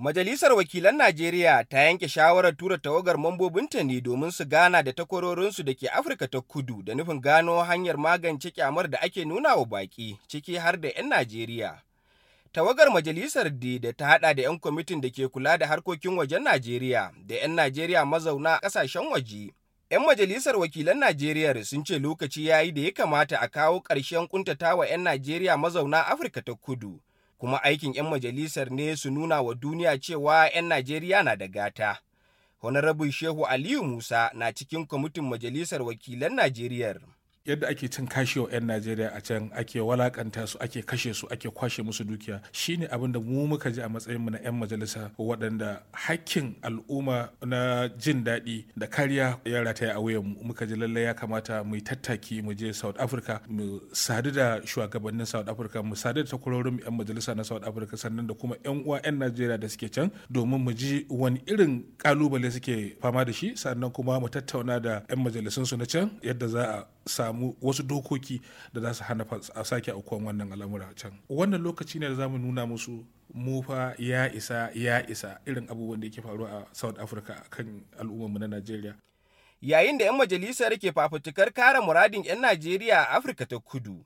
Majalisar Wakilan Najeriya ta yanke shawarar tura tawagar mambobinta ne domin su gana da takwarorinsu da ke Afirka ta kudu da nufin gano hanyar magance kyamar da ake nuna wa baƙi ciki har da 'yan Najeriya. Tawagar majalisar D da ta haɗa da 'yan kwamitin da ke kula da harkokin wajen Najeriya da 'yan Najeriya mazauna ƙasashen waje. 'Yan majalisar wakilan Najeriya sun ce lokaci ya yi da ya kamata a kawo ƙarshen ƙuntatawa 'yan Najeriya mazauna Afirka ta kudu. kuma aikin 'yan majalisar ne su nuna wa duniya cewa 'yan Najeriya na da gata. Honorable Shehu Aliyu Musa na cikin kwamitin Majalisar Wakilan Najeriya. yadda ake cin kashewa 'yan najeriya a can ake walakanta su ake kashe su ake kwashe musu dukiya shine abin da mu muka ji a matsayin mu na 'yan majalisa waɗanda hakkin al'umma na jin daɗi da kariya ya rataya a wuyan mu muka ji lallai ya kamata mu yi tattaki mu je south africa mu sadu da shugabannin south africa mu sadu da takwarorin 'yan majalisa na south africa sannan da kuma 'yan uwa 'yan najeriya da suke can domin mu ji wani irin kalubale suke fama da shi sannan kuma mu tattauna da 'yan majalisun su na can yadda za a sa. samu wasu dokoki da za su hana a sake aukuwan wannan al'amura can wannan lokaci ne da za mu nuna musu mufa ya isa ya isa irin abubuwan da yake faruwa a south africa kan al'ummarmu na najeriya yayin da 'yan majalisar ke fafutukar kare muradin 'yan najeriya a afirka ta kudu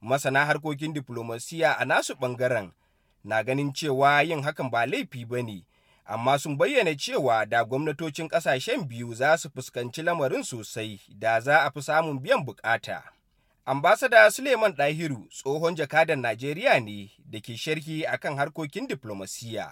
masana harkokin diflomasiya a nasu bangaren na ganin cewa yin hakan ba laifi ba ne amma sun bayyana cewa da gwamnatocin ƙasashen biyu za su fuskanci lamarin sosai da za a fi samun biyan bukata. Ambasada Suleiman Dahiru tsohon jakadan Najeriya ne da ke sharhi akan harkokin diplomasiya.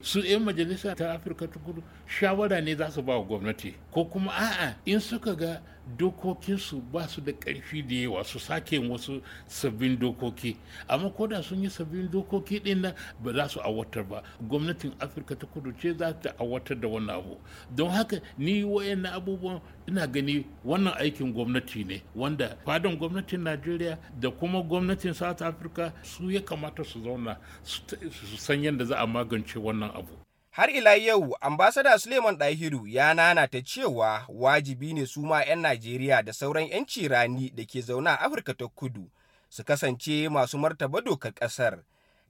su 'yan majalisa ta afirka ta kudu shawara ne za su ba wa gwamnati ko kuma a'a in suka ga dokokinsu ba su da ƙarfi da yawa su sake wasu sabbin dokoki amma ko da sun yi sabbin dokoki ɗin nan ba za su awatar ba gwamnatin afirka ta kudu ce za ta awatar da wannan abu don haka ni wayannan abubuwan ina gani wannan aikin gwamnati ne wanda fadon gwamnatin najeriya da kuma gwamnatin south africa su ya kamata su zauna su san yadda za a magance wannan abu Har ila yau, ambasada Suleiman ɗahiru ya nana ta cewa wajibi ne su ma 'yan Najeriya da sauran 'yan cirani da ke zaune a Afirka ta kudu su kasance masu martaba dokar ƙasar,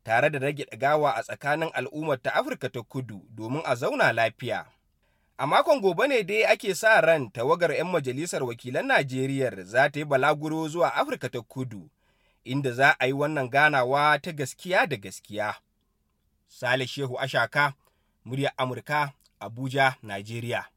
tare da rage ɗagawa a tsakanin al'ummar ta Afirka ta kudu domin a zauna lafiya. A makon gobe ne dai ake sa ran tawagar 'yan majalisar wakilan Najeriya za ta yi balaguro zuwa Afirka ta kudu, inda za a yi wannan ganawa ta gaskiya da gaskiya. Sale Shehu Ashaka murya Amurka, Abuja, Nigeria.